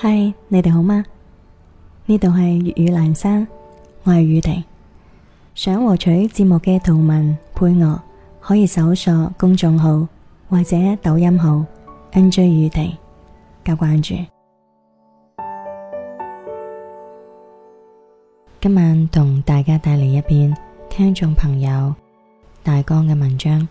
嗨，Hi, 你哋好嗎？呢度係粵語蘭山，我係宇婷。想獲取節目嘅圖文配樂，可以搜索公眾號或者抖音號 N J 宇婷加關注。今晚同大家帶嚟一篇聽眾朋友大江嘅文章，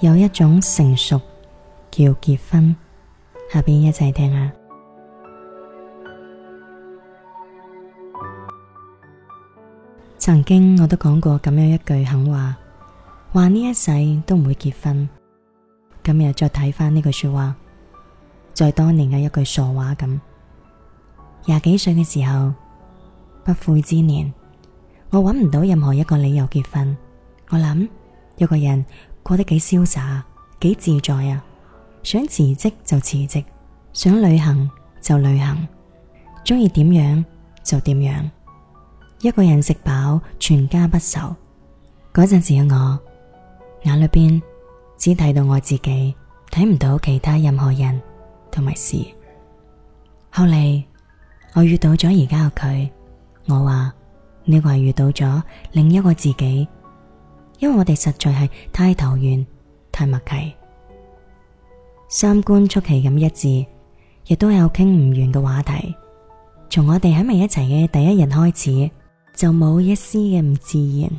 有一種成熟叫結婚。下邊一齊聽一下。曾經我都講過咁樣一句狠話，話呢一世都唔會結婚。今日再睇翻呢句說話，在、就是、當年嘅一句傻話咁。廿幾歲嘅時候，不悔之年，我揾唔到任何一個理由結婚。我諗，一個人過得幾瀟灑，幾自在啊！想辭職就辭職，想旅行就旅行，中意點樣就點樣。一個人食飽，全家不愁。嗰陣時嘅我，眼裏邊只睇到我自己，睇唔到其他任何人同埋事。後嚟我遇到咗而家嘅佢，我話呢個係遇到咗另一個自己，因為我哋實在係太投緣，太默契，三觀出奇咁一致，亦都有傾唔完嘅話題。從我哋喺埋一齊嘅第一日開始。就冇一絲嘅唔自然，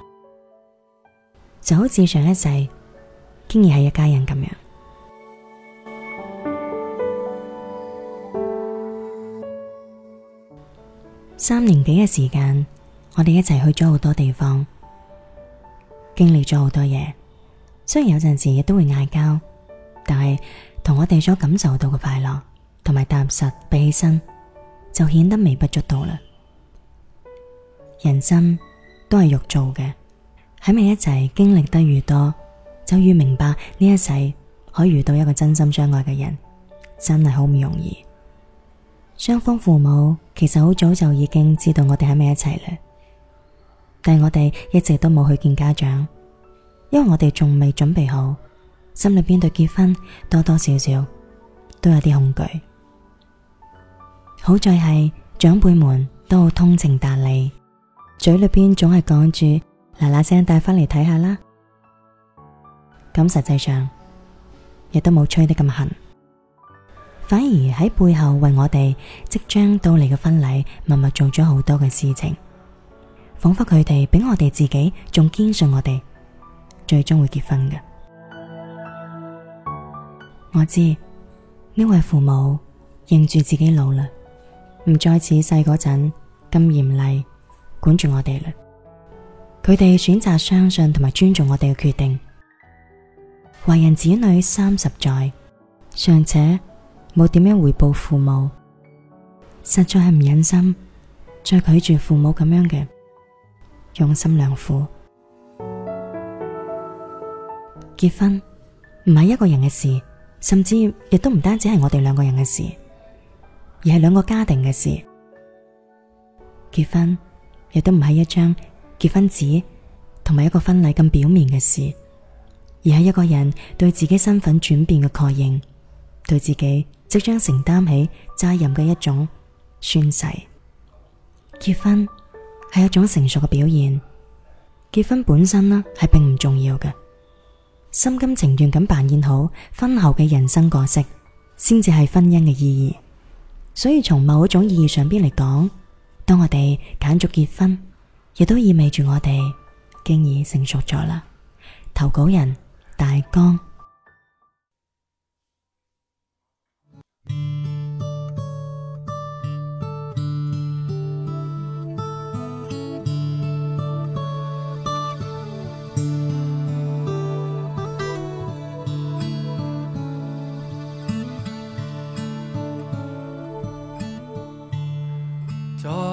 就好似上一世已經係一家人咁樣。三年幾嘅時間，我哋一齊去咗好多地方，經歷咗好多嘢。雖然有陣時亦都會嗌交，但係同我哋所感受到嘅快樂同埋踏實比起身，就顯得微不足道啦。人心都係肉做嘅，喺埋一齊經歷得越多，就越明白呢一世可以遇到一個真心相愛嘅人，真係好唔容易。雙方父母其實好早就已經知道我哋喺埋一齊嘞，但我哋一直都冇去見家長，因為我哋仲未準備好，心裏邊對結婚多多少少都有啲恐懼。好在係長輩們都好通情達理。嘴裏邊總係講住嗱嗱聲帶翻嚟睇下啦，咁實際上亦都冇催得咁狠，反而喺背後為我哋即將到嚟嘅婚禮默默做咗好多嘅事情，仿佛佢哋比我哋自己仲堅信我哋最終會結婚嘅。我知呢位父母認住自己老啦，唔再似細嗰陣咁嚴厲管住我哋嘞，佢哋選擇相信同埋尊重我哋嘅決定。為人子女三十載，尚且冇點樣回報父母，實在係唔忍心再拒絕父母咁樣嘅用心良苦。結婚唔係一個人嘅事，甚至亦都唔單止係我哋兩個人嘅事，而係兩個家庭嘅事。結婚。亦都唔係一張結婚紙同埋一個婚禮咁表面嘅事，而係一個人對自己身份轉變嘅確認，對自己即將承擔起責任嘅一種宣誓。結婚係一種成熟嘅表現，結婚本身呢係並唔重要嘅，心甘情願咁扮演好婚後嘅人生角色，先至係婚姻嘅意義。所以從某種意義上邊嚟講。當我哋揀咗結婚，亦都意味住我哋經已成熟咗啦。投稿人：大江。在。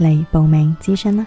嚟報名諮詢啦！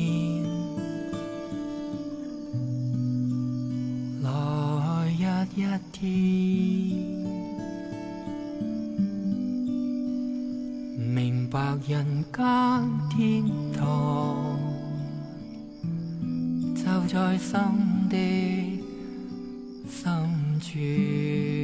一天明白人間天堂，就在心的深處。